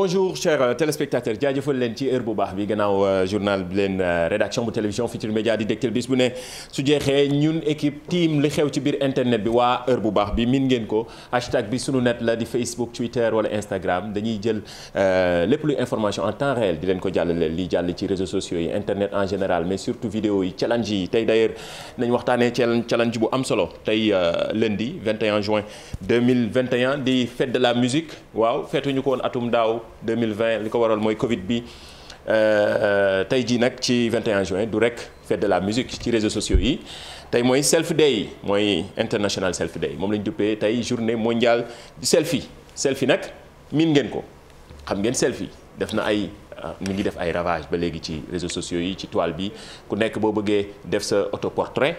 bonjour chers euh, téléspectateurs jaajëfal leen ci heure bu baax bi gannaaw euh, journal bi leen euh, rédaction bu télévision Futurs Médias di dégtal bis bu ne su jeexee ñun équipe team li xew ci biir internet bi waa heure bu baax bi min ngeen ko hashtag bi sunu net la di Facebook Twitter wala Instagram dañuy jël lépp lu information en temps réel di leen ko leen li jàll ci réseaux sociaux yi internet en général mais surtout vidéo yi challenge yi tey d'ailleurs nañ waxtaanee challenge bu am solo tey lundi 21 juin 2021 di de la musique waaw feetuñu ko atum daaw. 2020 li ko waral mooy Covid bi euh, euh, tey jii nag ci 21 juin du rek fête de la musique ci réseaux sociaux yi tey mooy self day mooy international self day moom la ñu duppee tey journée mondiale du selfie selfie nag miin ngeen ko xam ngeen selfie def na ay. mu euh, ngi def ay ravage ba léegi ci réseaux sociaux yi ci toile bi ku nekk boo bëggee def sa autoportrait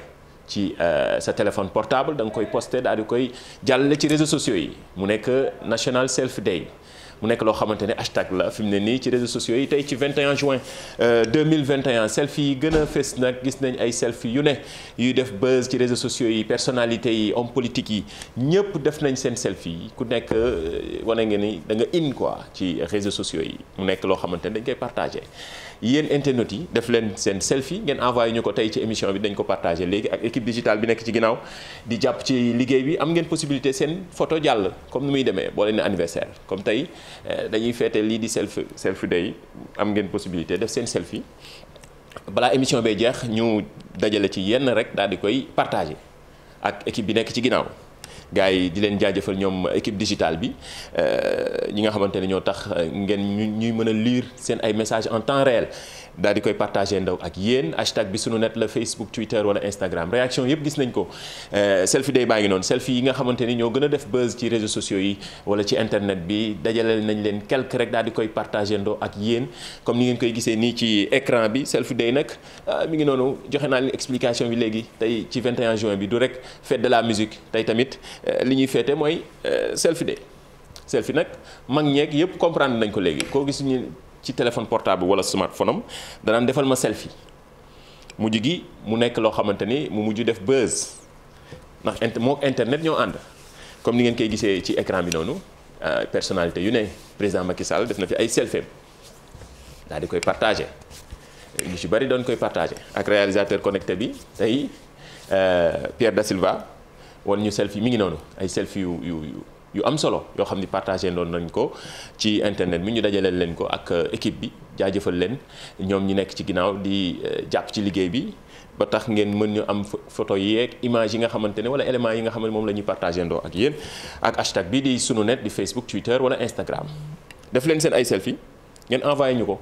ci sa téléphone portable da nga koy posté daal di koy jàllale ci réseaux sociaux yi mu nekk National Self Day mu nekk loo xamante ne hashtag la fi mu ne nii ci réseaux sociaux yi tey ci 21 juin 2021 euh, selfie yi gën a fës nag gis nañ ay selfie yu ne yuy def buzz ci réseaux sociaux yi personalité yi hommes politiques yi ñëpp def nañ seen selfie yi ku nekk euh, wane nga ni da nga in quoi ci réseaux sociaux yi mu nekk loo xamante ne dañ koy partagé yéen internautes yi def leen seen selfie ngeen envoye ñu ko tey ci émission bi dañ ko partagé léegi ak équipe digitale bi nekk ci ginnaaw di jàpp ci bi am ngeen possibilité seen photo jàll comme ni muy demee boo leen anniversaire comme tey Eh, dañuy feete lii di selfie selfie day am ngeen possibilité def seen selfie balaa émission bay jeex ñu dajale ci yenn rek daal di koy partage ak équipe bi nekk ci ginnaaw gars yi di leen jaajëfal ñoom équipe digitale bi eh, ñi nga xamante ne ñoo tax ngeen ñu ñuy mën a liir seen ay messages en temps réel. daal di koy partagé ndaw ak yéen hashtag bi sunu net la Facebook Twitter wala Instagram réaction yëpp gis nañ ko euh, selfie day baa ngi noonu selfie yi nga xamante ni ñoo gën a def buzz ci réseaux sociaux yi wala ci internet bi dajale nañ leen quelque rek daal di koy partagé ndaw ak yéen comme ni ngeen koy gisee nii ci ecran bi selfie day nag ah, mi ngi noonu joxe naa leen explication bi léegi tey ci vingtin juin bi du rek fête de la musique tey tamit euh, li ñuy féete mooy euh, selfie day selfie nag mag ñeeg yëpp comprendre nañ ko léegi koo gis ñu ci téléphone portable wala smartphone am danaan defal ma selfie mujj gi mu nekk loo xamante ni mu mujj def buzz ndax int moo internet ñoo ànd comme ni ngeen koy gisee ci écran bi noonu euh, personnalité yu ne président Macky Sall def na fi ay selfie daal di koy partagé ñu ci bari doon koy partagé ak réalisateur connecté bi tey euh, Pierre Da Silva wan ñu selfie mi ngi noonu ay selfie yu yu yu am solo yoo xam ni partagé doon nañ ko ci internet bi ñu dajalee leen ko ak euh, équipe bi jaajëfal leen ñoom ñi nekk ci ginnaaw di euh, jàpp ci liggéey bi ba tax ngeen mën ñu am photo yeeg image yi nga xamante ne wala éléments yi nga xam ne moom la ñuy partagé ndoo ak yéen ak hashtag bi di sunu net di Facebook Twitter wala Instagram def leen seen ay selfie ngeen envoyé ñu ko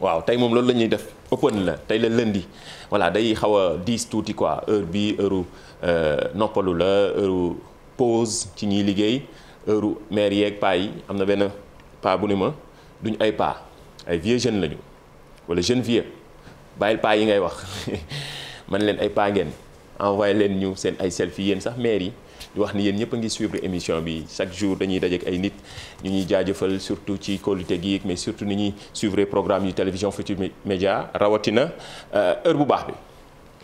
waaw tey moom loolu la ñuy def open la tey leen lundi voilà day xaw a diis tuuti quoi heure bi heure euh, noppalu la pause ci ñiy liggéey heure maire yeeg paa yi am na benn paa bu ni ma duñ ay paa ay vieux jeunes lañu wala jeune vieux bàyyil paa yi ngay wax man leen ay paa ngeen envoyé leen ñu seen ay selfie yéen sax maire yi ñu wax ni yéen ñëpp ngi suivre émission bi chaque jour dañuy dajeek ay nit ñu ñuy jaajëfal surtout ci qualité gii mais surtout ni ñuy suivre programme yu télévision Futurs Médias rawatina euh, heure bu baax bi.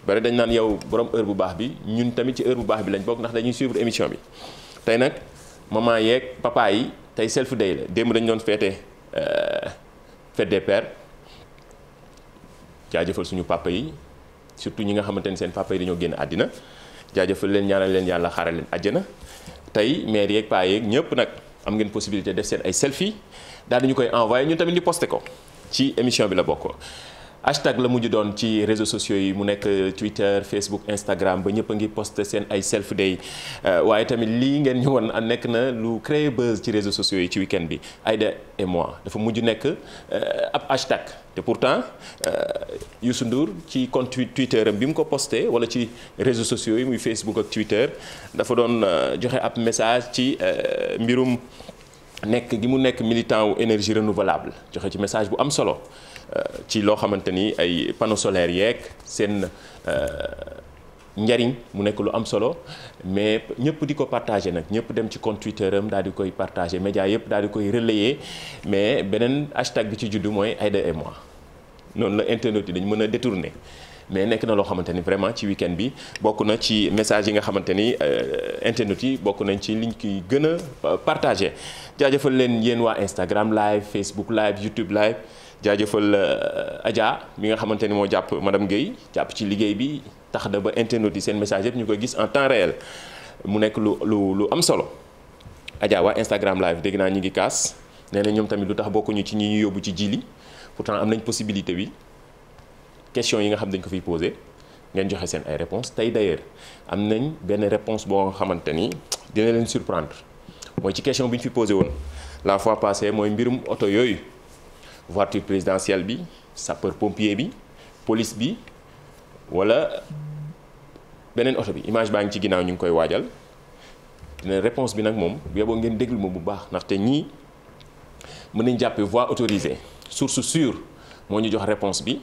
bari dañ naan yow borom heure bu baax bi ñun tamit ci heure bu baax bi lañ bokk ndax dañuy suivre émission bi tey nag maman yeeg papaa yi tey self day la démb dañu doon feete euh, fet des pères jaajëfal suñu papa yi surtout ñi nga xamante ni seen papa yi dañoo génn àddina jaajëfal leen ñaanal leen yàlla xaaral leen àjjana tey mère yeeg paa yeeg ñëpp nag am ngeen possibilité def seen ay selfie daal dañu koy envoyé ñu tamit ñu posté ko ci émission bi la bokk hashtag la mujj doon ci réseaux sociaux yi mu nekk Twitter Facebook Instagram ba ñëpp a ngi posté seen ay self day euh, waaye tamit lii ngeen ñu won nekk na lu créé buzz ci réseaux sociaux yi ci week bi Aïda et moi dafa mujj nekk euh, ab hashtag te pourtant euh, Youssou Ndour ci compte Twitter bi mu ko posté wala ci réseaux sociaux yi muy Facebook ak Twitter dafa doon joxe ab message ci mbirum nekk gi mu nekk militant wu énergie renouvelable joxe ci message bu am solo ci loo xamante ni ay panneaux solaires yeeg seen euh, njariñ mu nekk lu am solo mais ñëpp di ko partagé nag ñëpp dem ci compte Twitter am daal di koy partagé média yëpp daal di koy relayer mais beneen hashtag bi ci juddu mooy Aïda et moi noonu la internet yi dañu mën a détourner mais nekk na loo xamante ni vraiment ci week bi bokk na ci message yi nga xamante ni euh, internet yi bokk nañ ci liñ koy gën a euh, partagé jaajëfal leen yéen waa Instagram live Facebook live YouTube live. jaajëfal euh, ajaa mi nga xamante ni moo jàpp madame Guèye jàpp ci liggéey bi tax da ba internautes yi seen message yëpp ñu koy gis en temps réel mu nekk lu lu lu am solo Adja waa Instagram live dégg naa ñi ngi kaas nee na ñoom tamit lu tax bokkuñu ci ñi ñu yóbbu ci jili pourtant am nañ possibilité bi question yi nga xam dañ ko fiy posé ngeen joxe seen ay réponses tey d'ailleurs am nañ benn réponse boo nga xamante ni dina leen surprendre mooy ci question bi ñu fi posé woon la fois passée mooy mbirum oto yooyu. voiture présidentielle bi sapeur pompier bi police bi wala beneen oto bi image baa ngi ci ginnaaw ñu ngi koy waajal ne réponse bi nag moom yoboo ngeen déglu ma bu baax ndaxte ñii mën nañ jàppe voie autorisée source sûre moo ñu jox réponse bi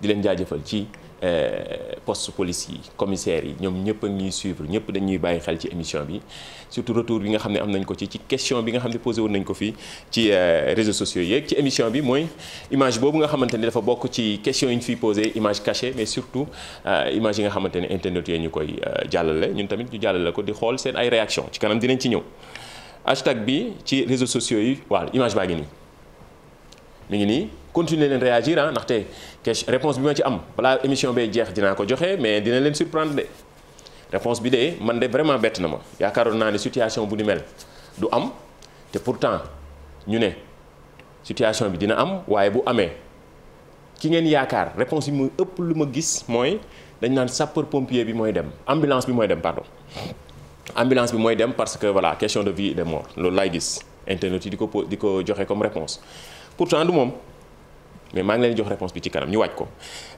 di leen jaajëfal ci Euh, post police yi commissaires yi ñoom ñëpp a ñuy suivre ñëpp dañuy bàyyi xel ci émission bi surtout retour bi nga xam ne am nañ ko ci ci question bi nga xam ne posé woon nañ ko fii ci euh, réseaux sociaux yeeg ci émission bi mooy image boobu nga xamante ni dafa bokk ci question yi ñu fiy posé image cachée mais surtout euh, image yi nga xamante ne internet yee ñu koy jàllale ñun tamit ñu jàllale ko di xool seen ay réaction ci kanam dinañ ci ñëw hashtag bi ci réseaux sociaux yi waaw image baa ngi nii continuer leen réagir ah ndaxte question réponse bi ma ci am balaa émission bee jeex dinaa ko joxe mais dina leen surprendre de réponse bi de man de vraiment bett na ma yaakaaroon naa ne situation bu ni mel du am te pourtant ñu ne situation bi dina am waaye bu amee ki ngeen yaakaar réponse yi mu ëpp lu ma gis mooy dañu naan sapeur pompier bi mooy dem ambulance bi mooy dem pardon ambulance bi mooy dem parce que voilà question de vie de mort loolu laay gis internet yi di ko di ko joxe comme réponse pourtant du moom mais maa ngi leen jox réponse bi ci kanam ñu waaj ko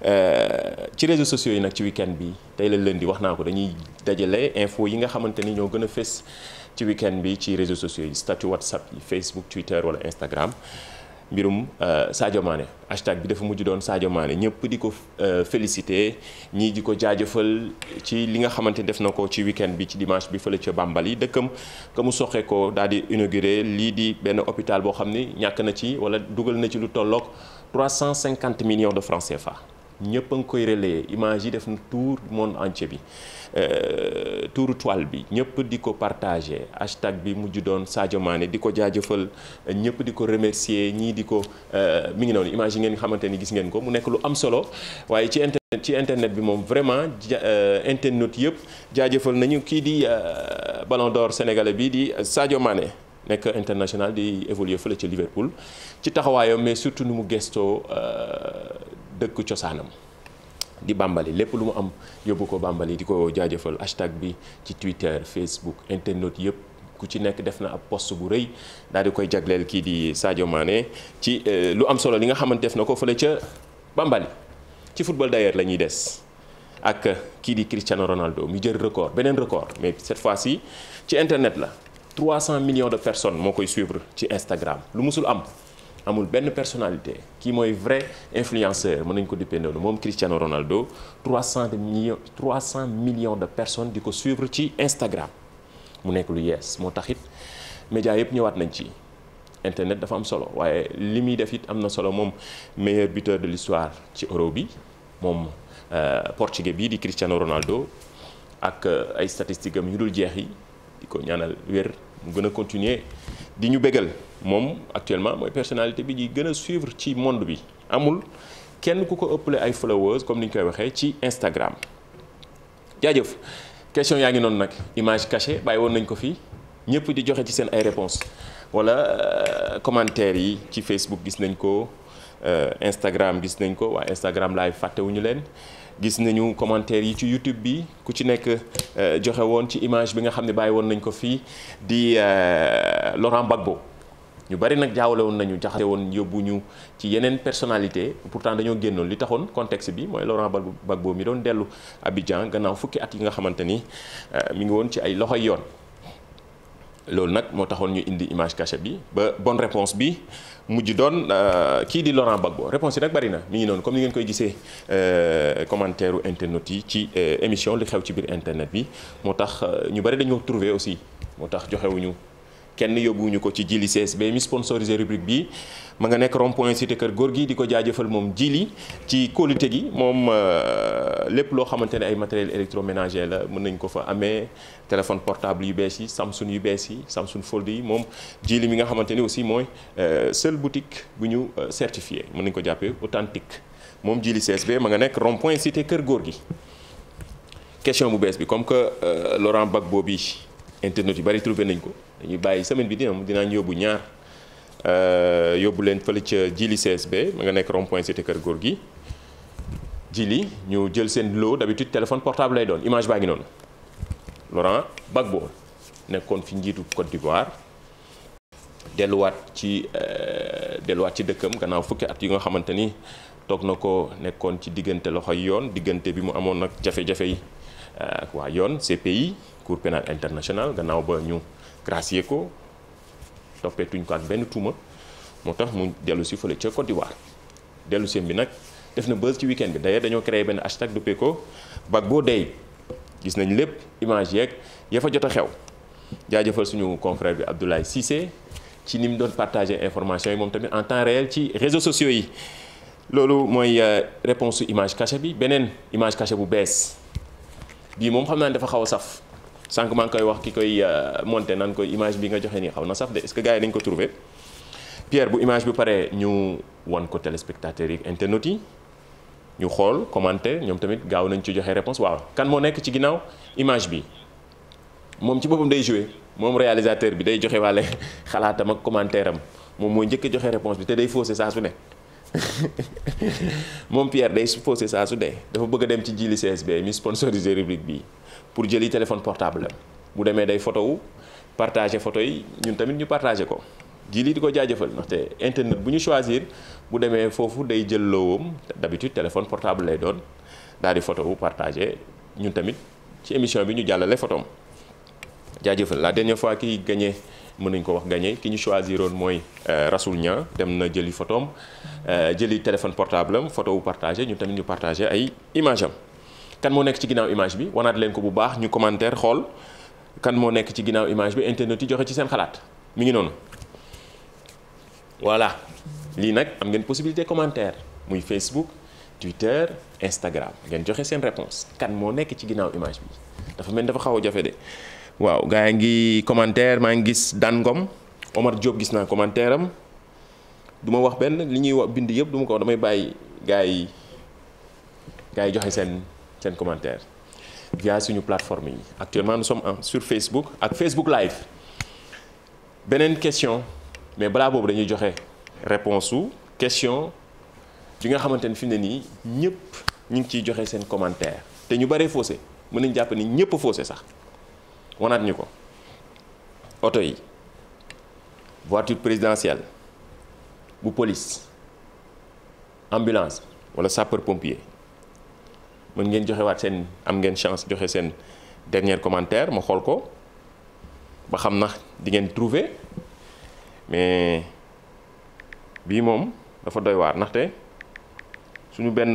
euh, ci réseaux sociaux yi nag ci week-end bi tey la di wax naa ko dañuy dajale info yi nga xamante ni ñoo gën a fës ci week bi ci réseaux sociaux yi statut WhatsApp yi Facebook Twitter wala Instagram mbirum euh, Sadio Mané hashtag bi dafa mujj doon Sadio Mané ñëpp di ko euh, félicité ñii di ko jaajëfal ci li nga xamante def na ko ci weekend bi ci dimanche bi fële ca Bambali dëkkam ka mu soxee ko daal di inauguré lii di benn hôpital boo xam ne ñàkk na ci wala dugal na ci lu tollook 350 millions de francs CFA ñëpp a ngi koy relayer image yi def na tour monde entier bi euh, tour toile bi ñëpp di ko partager hashtag bi mujj doon Sadio Mané di ko jaajëfal ñëpp di ko remercier ñii di ko euh, mi ngi noonu image yi ngeen xamante ni gis ngeen ko mu nekk lu am solo waaye ci internet ci internet bi moom vraiment euh, internet yëpp jaajëfal nañu kii di ballon d'or sénégalais bi di Sadio Mané. nekk international di évoluer la ci Liverpool ci taxawaayam mais surtout nu mu gestoo euh, dëkk cosaanam di bàmbali lépp lu mu am yóbbu ko bàmbali di ko jaajëfal hashtag bi ci Twitter Facebook internet yëpp ku ci nekk def na ab post bu rëy daal di koy jagleel kii di Sadio Mané ci euh, lu am solo li nga xamante def na ko fële ca bàmbali ci football d'ailleurs la ñuy des ak kii di Cristiano Ronaldo mu jër record beneen record mais cette fois-ci ci internet la 300 millions de personnes moo koy suivre ci Instagram lu musul am amul benn personnalité kii mooy vrai influenceur mën nañ ko dippee noonu moom Cristiano Ronaldo 300 millions 300 millions de personnes di ko suivre ci Instagram mu nekk lu yees moo tax it médias yëpp ñëwaat nañ ci internet dafa am solo waaye li muy def it am na solo moom meilleur buteur de l'histoire ci euro bi moom euh, portugais bii di Cristiano Ronaldo ak euh, ay statistiques am yu dul jeex yi. di ko ñaanal wér mu gën a continuer di ñu bégal moom actuellement mooy personnalité bi di gën a suivre ci monde bi amul kenn ku ko ëppale ay followers comme ni ñu koy waxee ci Instagram. jaajëf question yaa ngi noonu nag image cachée bàyyi woon nañ ko fii ñëpp di joxe ci seen ay réponses wala euh, commentaires yi ci Facebook gis nañ ko. Euh, Instagram gis nañ ko waa Instagram live fàttewuñu leen gis nañu commentaire yi ci YouTube bi ku ci nekk euh, joxe woon ci image bi nga xam ne bàyyi woon nañ ko fii di euh, Laurent Gbagbo ñu bari nag jaawale woon nañu jaxase woon yóbbu ñu ci yeneen personnalité pourtant dañoo génnoon li taxoon contexte bi mooy Laurent Gbagbo mi doon dellu Abidjan gannaaw fukki at yi nga xamante ni mi ngi woon ci ay loxoy yoon. loolu nag moo taxoon ñu indi image cachée bi ba bonne réponse bi mujj doon euh, kii di Laurent Gbagbo réponse yi rek bari na mi ngi noonu comme ni ngeen koy gisee euh, commentaire u internet yi ci euh, émission li xew ci biir internet bi moo tax ñu bari dañoo trouver aussi moo tax joxewuñu kenn yóbbuwuñu ko ci Jili CSB mi sponsorisé rubrique bi ma nga nekk rond point cité kër góor gi di ko jaajëfal moom jiili ci kóolute gi moom euh, lépp loo xamante ne ay matériel électroménager la mën nañ ko fa amee téléphone portable yu bees yi Samsung yu bees yi Samsung Fold yi moom jiili mi nga xamante ne aussi mooy euh, seule boutique bu ñu euh, certifié mën nañ ko jàppee authentique moom Jili CSB ma nga nekk rond point cité kër góor gi question bu bees bi comme que Laurent Gbagbo bi internet yu bari trouvé nañ ko dañuy bàyyi semaine bi dina am dinaa ñu yóbbu ñaar euh, yóbbu leen fële ca Jili CSB ma nga nekk rond point cité kër góor gi Jili ñu jël seen lot d'habitude téléphone portable lay doon image baa ngi noonu Laurent Gbagbo nekkoon fi njiitu Côte d'Ivoire delluwaat ci euh, delluwaat ci dëkkam gannaaw fukki at yi nga xamante ni toog na ko nekkoon ci diggante loxoy yoon diggante bi mu amoon nag jafe-jafe yi euh, ak waa yoon CPI Cour pénale internationale gannaaw ba ñu. gracier ko toppeetuñ ko ak benn tuuma moo tax mu dellu si fële ca Côte d'Ivoire dellu seen bi nag def na buzz ci week bi d'ailleurs dañoo créé benn hashtag duppee ko Gbagbo Day gis nañ lépp image yeeg ya fa jot a xew jaajëfal suñu confrère bi Abdoulaye Cissé ci ni mu doon partager information yi moom tamit en temps réel ci réseaux sociaux yi loolu mooy euh, réponse su image cachée bi beneen image cachée bu bees bii moom xam naa ne dafa xaw a saf sànq maa ngi koy wax ki koy euh, monte nan koy image bi nga joxe ni xaw na saf de est-ce que gars yi dañ ko trouvé Pierre bu image bi paree ñu wan ko téléspectateurs yi internautes yi ñu xool commenté ñoom tamit gaaw nañ ci joxe réponse waaw kan moo nekk ci ginnaaw image bi moom ci boppam day joué moom réalisateur bi day joxe waale xalaatam ak commentaire am moom mooy njëkk joxe réponse bi te day faussé saa su ne moom Pierre day faussé saa su ne dafa bëgg dem ci jili CSB mi sponsorisé rubrique bii pour jël yi téléphone portable bu demee day photo wu partagé photo yi ñun tamit ñu partagé ko jii lii di ko jaajëfal ndaxte internet bu ñu choisir bu demee foofu day jël loowam d'habitude téléphone portable doon daal di photo wu partagé ñun tamit ci émission bi ñu jàllale photom jaajëfal la dernière fois ki gagné mën nañ ko wax gagné ki ñu choisiroon mooy euh, Rasoul Niang dem na jëli photom euh, jëli téléphone portable am photo wu partagé ñun tamit ñu partagé ay image kan moo nekk ci ginnaaw image bi wanaat leen ko bu baax ñu commentaire xool kan moo nekk ci ginnaaw image bi internet yi joxe ci seen xalaat mi ngi noonu voilà lii nag am ngeen possibilité commentaire muy Facebook Twitter Instagram ngeen joxe seen réponse kan moo nekk ci ginnaaw image bi dafa mel dafa xaw a jafe de waaw gaa ngi commentaire maa ngi gis Dan Ngom Omar Diop gis naa commentaire am du wax benn li ñuy wax bind yëpp duma ko wax damay bàyyi gaa yi gaa yi seen. seen commentaire via suñu plateforme yi actuellement nous sommes en sur Facebook ak Facebook live beneen question mais balaa boobu dañuy joxe réponse su question bi nga xamante ne fi ne nii ñëpp ñu ngi ciy joxe seen commentaire te ñu bëree faussé mën nañu jàpp ni ñëpp a sax wanaat ñu ko oto yi voiture présidentielle bu police ambulance wala sapeur pompier. mën ngeen joxewaat seen am ngeen chance joxe seen dernier commentaire ma xool ko ba xam nax dingeen trouver mais bii moom dafa doy waar ndaxte suñu benn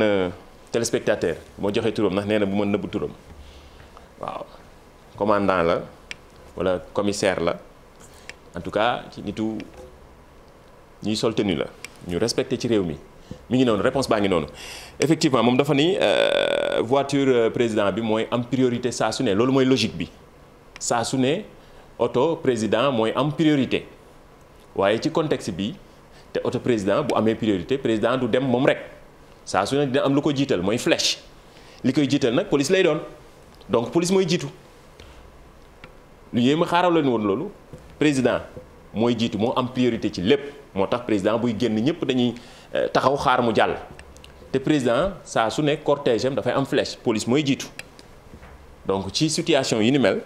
téléspectateur moo joxe turam ndax nee na bu ma nëbb turam waaw commandant la walla commissaire la en tout cas ci nitu ñuy sol tenue la ñu respecté ci réew mi mu ngi noonu réponse baa ngi noonu effectivement moom dafa ni euh, Euh, voiture euh, président bi mooy am priorité saa su ne loolu mooy logique bi saa su ne oto président mooy am priorité waaye ci contexte bi te oto président bu amee priorité président du dem moom rek saa su ne dina am lu ko jiital mooy flèche li koy jiital nag police lay doon donc police mooy jiitu lu yéem a xaaral leen woon loolu président mooy jiitu moo am priorité ci lépp moo tax président buy génn ñëpp dañuy euh, taxaw xaar mu jàll. te président saa su ne cortège am dafay am flèche police mooy jiitu donc ci situation yi ni mel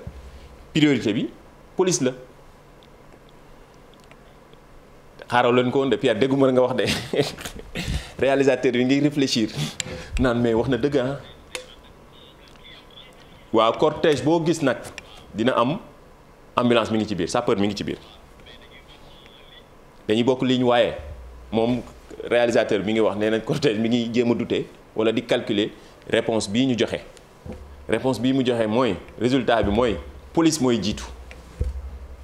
priorité bi police la xaaraw leen ko woon de Pierre dégguma nga wax de réalisateur bi ngi réfléchir naan mais wax na dëgg ah waaw cortège boo gis nag dina am ambulance mi ngi ci biir sapeur mi ngi ci biir dañuy bokk ligne waaye moom réalisateur bi ngi wax nee nañ cortège mi ngi jéem a douter wala di calculer réponse bii ñu joxe réponse bii mu joxe mooy résultat bi mooy police mooy jiitu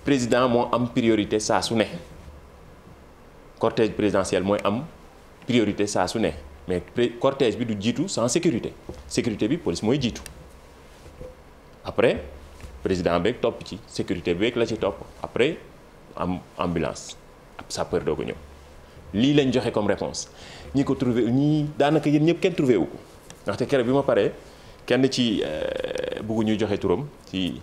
président moo am priorité saa su ne cortège présidentiel mooy am priorité saa su ne mais cortège bi du jiitu sans sécurité sécurité bi police mooy jiitu après président beeg topp ci sécurité beeg la ci topp après am ambulance ab sapeur doogu ko ñëw lii lañ joxe comme réponse ñi ko trouvé ñii daanaka yéen ñëpp kenn trouvé wu ko ndaxte keroog bi ma paree kenn ci euh, buggu ñuy joxe turam ci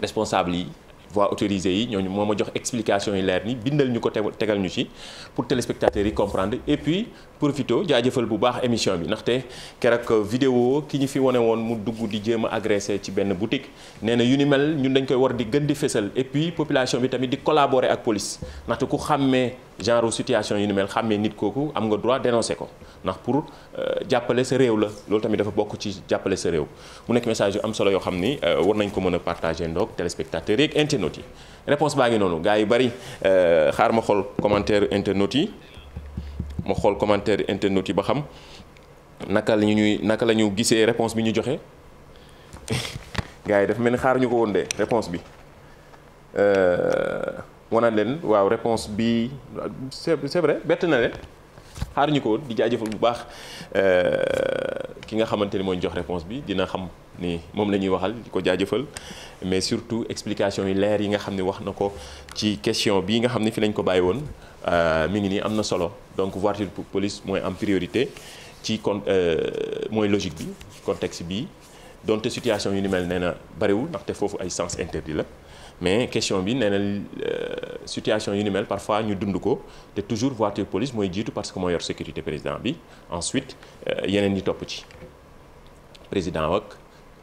responsable yi voix autorisée yi ñooñu moo ma jox explication yi leer ni bindal ñu ko tegal ñu ci pour téléspectateurs yi comprendre et puis profito jaajëfal bu baax émission bi ndaxte keroog vidéo ki ñu fi wane woon mu dugg di jéem a ci benn boutique nee na yu ni mel ñun dañ koy war di gën di fésal et population bi tamit di collaborer ak police genre situation yi ni mel xàmmee nit kooku am nga droit dénoncer ko ndax pour euh, jàppale sa réew la loolu tamit dafa bokk ci jàppale sa réew mu nekk message yu am solo yoo xam ni euh, war nañ ko mën a partager ndoog téléspectateurs yeeg internautes yi réponse baa ngi noonu gaa yi bari euh, xaar ma xool commentaire internautes yi ma xool commentaire internautes yi ba xam naka la ñuy naka la ñu gisee réponse bi ñu joxe gars yi dafa mel ni xaar ñu ko woon de réponse bi wana leen waaw réponse bi c'est c'est vrai bett na leen xaar ñu ko di jaajëfal bu baax euh, ki nga xamante ni mooy jox réponse bi dina xam ni moom la ñuy waxal di ko jaajëfal mais surtout explication yi leer yi nga xam ne wax na ko ci question bii nga xam ne fi lañ ko bàyyi woon euh, mi ngi nii am na solo donc voiture pour police mooy am priorité ci con euh, mooy logique bi contexte bii donte situation yu ni mel nee na bariwul ndaxte foofu ay sens interdit la. mais question bi nee na euh, situation yu ni mel parfois ñu dund ko te toujours voiture police mooy jiitu parce que moo yor sécurité président bi ensuite euh, yeneen yi topp ci président ak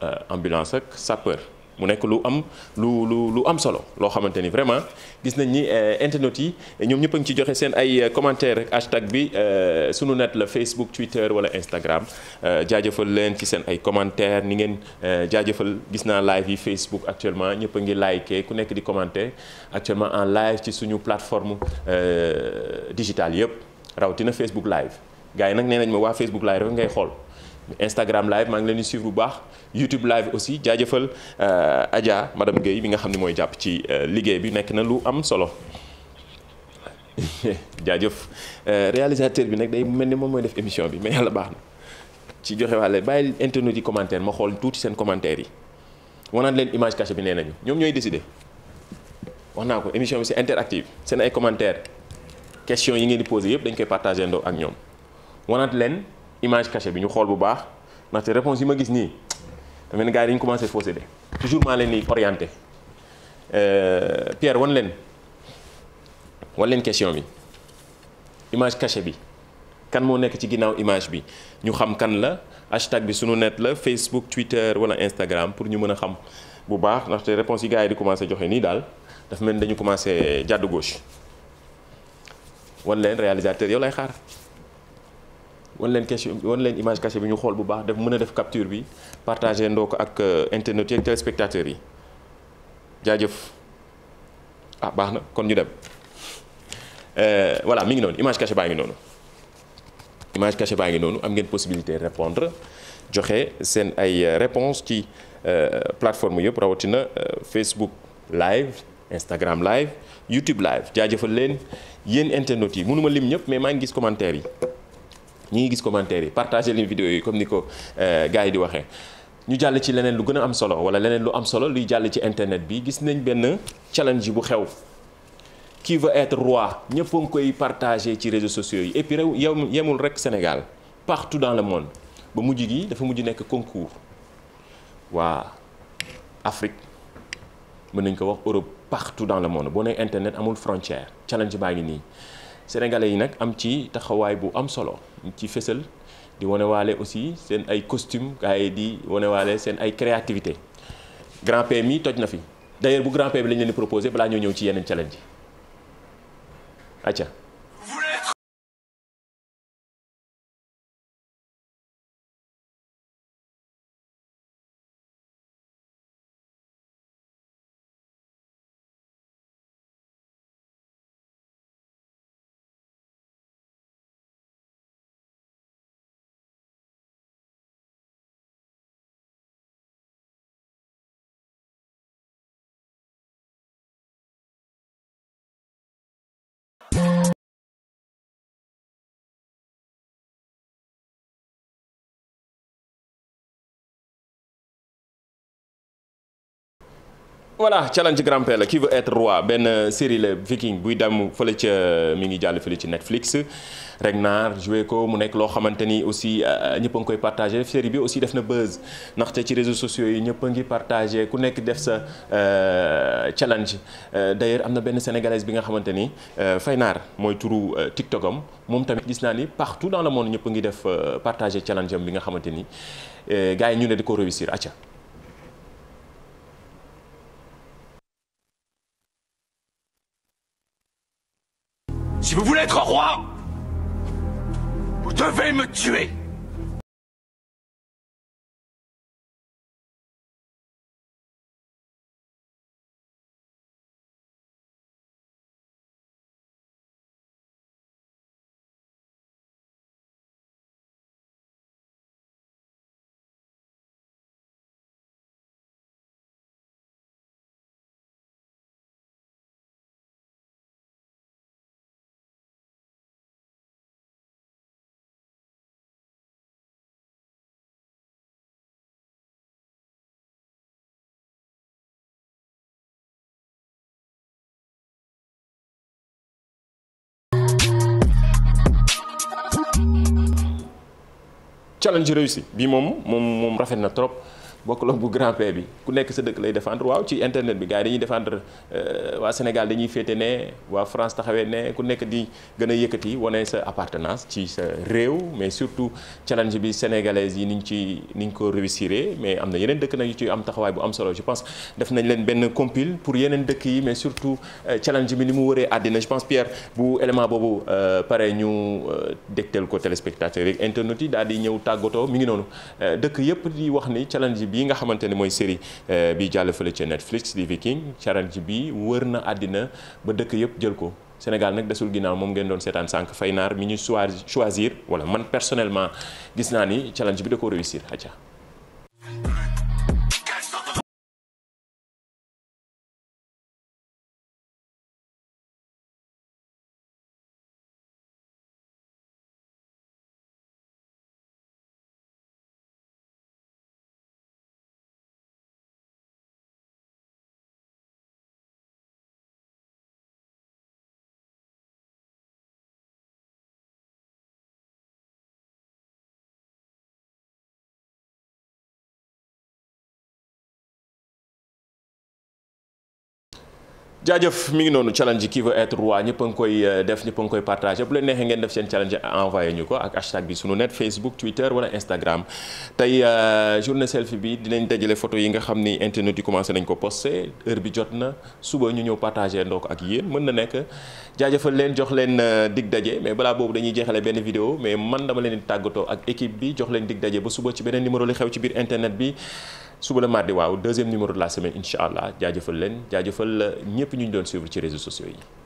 euh, ambulance ak sapeur. mu nekk lu am lu lu lu am solo loo xamante ni vraiment gis nañ ni euh, internet yi ñoom ñëpp ngi ci joxe seen ay euh, commentaire hashtag bi euh, sunu net la Facebook Twitter wala Instagram jaajëfal leen ci seen ay commentaire ni ngeen jaajëfal gis naa live yi Facebook actuellement ñëpp a ngi liker ku nekk di commenter actuellement en live ci suñu plateforme digitale yëpp rawatina Facebook live gars yi nag nee nañ ma waa Facebook live rek ngay xool. Instagram live maa ngi leen di bu baax YouTube live aussi jaajëfal euh, ajaa madame Guèye bi nga xam ne mooy jàpp ci euh, liggéey bi nekk na lu am solo jaajëf euh, réalisateur bi nag day mel ni moom mooy def émission bi mais yàlla baax na ci joxe wàlle bàyyi internet yi commentaire ma xool tuuti seen commentaire yi wanaat leen image cachée bi nee nañu ñoom ñooy décider wax naa ko émission bi si interactive seen ay commentaire question yi ngeen di posé yëpp dañ koy partagé ak ñoom wanaat image cachée bi ñu xool bu baax ndaxte réponse yi ma gis nii dafa mel ni gars yi dañu commencé foo de toujours maa leen di orienté euh, Pierre wan leen wan leen question bi image cachée bi kan moo nekk ci ginnaaw image bi ñu xam kan la hashtag bi sunu net la Facebook Twitter wala Instagram pour ñu mën a xam bu baax ndaxte réponse yi gars yi di commencé joxe nii daal dafa mel ni dañu commencé jàddu gauche wan leen réalisateur yow lay xaar. wan leen caché wan leen image caché bi ñu xool bu baax def mën a def capture bi partagé ndoo ko ak euh, internet yi ak téléspectateurs yi jaajëf ah baax na kon ñu dem euh, voilà mi ngi noonu image cachée baa ngi noonu image cachée baa ngi noonu am ngeen possibilité répondre joxe seen ay euh, réponse ci plateforme yëpp rawatina Facebook live Instagram live YouTube live jaajëfal leen yéen internautes yi mënuma lim ñëpp mais maa ngi gis commentaire yi ñi ngi gis commentaire yi partagé leen vidéo yi comme ni ko euh, gars yi di waxee ñu jàll ci leneen lu gën a am solo wala leneen lu am solo luy jàll ci internet bi gis nañ benn challenge bu xew qui veut être roi ñëpp a ngi koy partagé ci réseaux sociaux yi et puis yemul rek Sénégal partout dans le monde ba mujj gi dafa mujj nekk concours waa Afrique mën nañ ko wax Europe partout dans le monde boo nee internet amul frontière challenge baa ngi nii sénégalais yi nag am ci taxawaay bu am solo ci fësal di wanewaale aussi seen ay costume gars yi di wanewaale seen ay créativité grand P mi toj na fi d'ailleurs bu grand P bi lañ leen di proposé balaa ñoo ñëw ci yeneen challenge yi acca voilà challenge grand prix la qui veut être roi benn série euh, la viking buy dem fële ca euh, mi ngi jàll fële ci Netflix Ragnar joué ko mu nekk loo xamante ni aussi euh, ñëpp a ngi koy partagé série bi aussi def na buzz ndaxte ci réseau sociaux yi ñëpp a ngi partagé ku nekk def sa challenge d'ailleurs am na benn sénégalaise bi nga xamante ni Faynaar mooy turu TikTok am moom tamit gis naa ni partout dans le monde ñëpp a ngi def partagé challenge bi nga xamante ni gars yi ñu ne di ko réussir acca Si vous voulez être roi, vous devez me tuer. challenge réussi bi moom moom moom rafet na trop bokkul ak bu grand P bi ku nekk sa dëkk lay défendre waaw ci internet bi gars dañuy défendre euh, waa Sénégal dañuy féete ne waa France taxawee ne ku nekk di gën a yëkkati wane sa appartenance ci sa réew mais surtout challenge bi sénégalais yi ni niñ ci ni ñu ko réussir mais am na yeneen dëkk nag yu ci am taxawaay bu am solo je pense def nañ leen benn compile pour yeneen dëkk yi mais surtout euh, challenge bi ni mu waree àddina je pense Pierre bu élément boobu euh, pare ñu dégtal ko téléspectateurs yi internautes yi daal di ñëw tàggatoo mi ngi noonu bii nga xamante ne mooy série euh, bi jàll fële ca Netflix di Viking challenge bi wër na àddina ba dëkk yëpp jël ko Sénégal nag desul ginnaaw moom ngeen doon seetaan sànq fay naar mi ñu choisir wala man personnellement gis naa ni challenge bi da ko réussir a ca jaajëf mi ngi noonu challenge qui veut être roi ñëpp a ngi koy euh, def ñëpp a ngi koy partagé bu leen neexee ngeen def seen challenge envoyé ñu ko ak hashtag bi sunu net Facebook Twitter wala Instagram tey euh, journée selfie bi dinañ dajale photo yi nga xam ni internet yi commencé nañ ko posté heure bi jot na suba ñu ñëw partagé ndoo ko ak yéen mën na nekk jaajafal leen jox leen euh, dig daje mais balaa boobu dañuy jeexale benn vidéo mais man dama leen di tàggatoo ak équipe bi jox leen dig daje ba suba ci beneen numéro li xew ci biir internet bi suba la mardi waaw deuxième numéro la semaine incha allah jaajëfal leen jaajëfal ñëpp ñu ñu doon suivre ci réseaux sociaux yi.